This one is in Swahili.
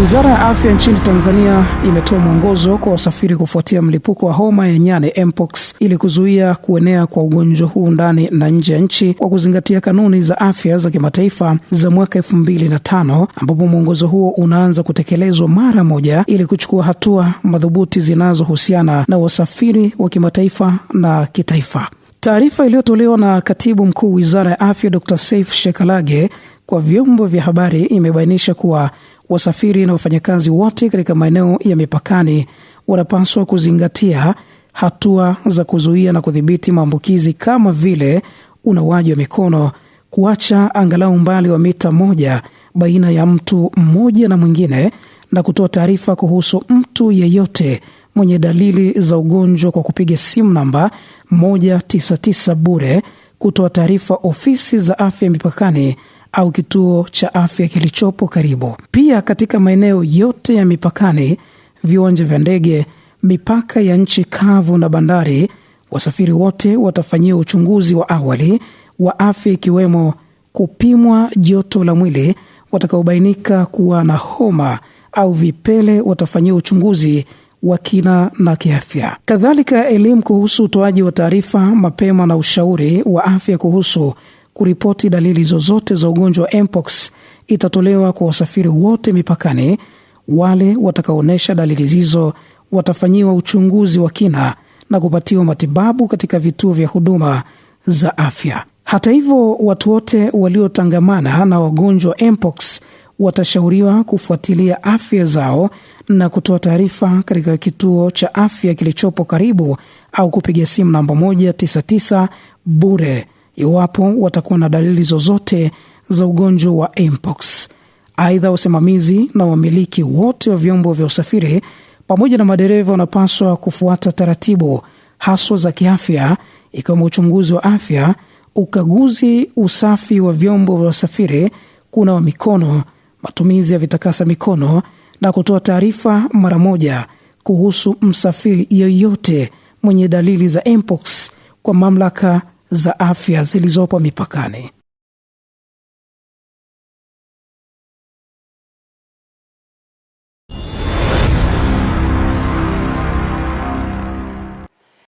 Wizara ya Afya nchini Tanzania imetoa mwongozo kwa wasafiri kufuatia mlipuko wa homa ya nyani mpox, ili kuzuia kuenea kwa ugonjwa huu ndani na nje ya nchi kwa kuzingatia kanuni za afya za kimataifa za mwaka elfu mbili na tano ambapo mwongozo huo unaanza kutekelezwa mara moja ili kuchukua hatua madhubuti zinazohusiana na wasafiri wa kimataifa na kitaifa. Taarifa iliyotolewa na Katibu Mkuu Wizara ya Afya Dr. Saif Shekalage kwa vyombo vya habari imebainisha kuwa Wasafiri na wafanyakazi wote katika maeneo ya mipakani wanapaswa kuzingatia hatua za kuzuia na kudhibiti maambukizi kama vile unawaji wa mikono, kuacha angalau umbali wa mita moja baina ya mtu mmoja na mwingine, na kutoa taarifa kuhusu mtu yeyote mwenye dalili za ugonjwa kwa kupiga simu namba 199 bure, kutoa taarifa ofisi za afya mipakani au kituo cha afya kilichopo karibu. Pia katika maeneo yote ya mipakani, viwanja vya ndege, mipaka ya nchi kavu na bandari, wasafiri wote watafanyiwa uchunguzi wa awali wa afya, ikiwemo kupimwa joto la mwili. Watakaobainika kuwa na homa au vipele watafanyiwa uchunguzi wa kina na kiafya. Kadhalika, elimu kuhusu utoaji wa taarifa mapema na ushauri wa afya kuhusu kuripoti dalili zozote za ugonjwa wa mpox itatolewa kwa wasafiri wote mipakani. Wale watakaonyesha dalili hizo watafanyiwa uchunguzi wa kina na kupatiwa matibabu katika vituo vya huduma za afya. Hata hivyo, watu wote waliotangamana na wagonjwa mpox watashauriwa kufuatilia afya zao na kutoa taarifa katika kituo cha afya kilichopo karibu au kupiga simu namba 199 bure iwapo watakuwa na dalili zozote za ugonjwa wa mpox. Aidha, wasimamizi na wamiliki wote wa vyombo vya usafiri pamoja na madereva wanapaswa kufuata taratibu haswa za kiafya, ikiwemo uchunguzi wa afya, ukaguzi, usafi wa vyombo vya usafiri, kuna wa mikono, matumizi ya vitakasa mikono na kutoa taarifa mara moja kuhusu msafiri yeyote mwenye dalili za mpox kwa mamlaka za afya zilizopo mipakani.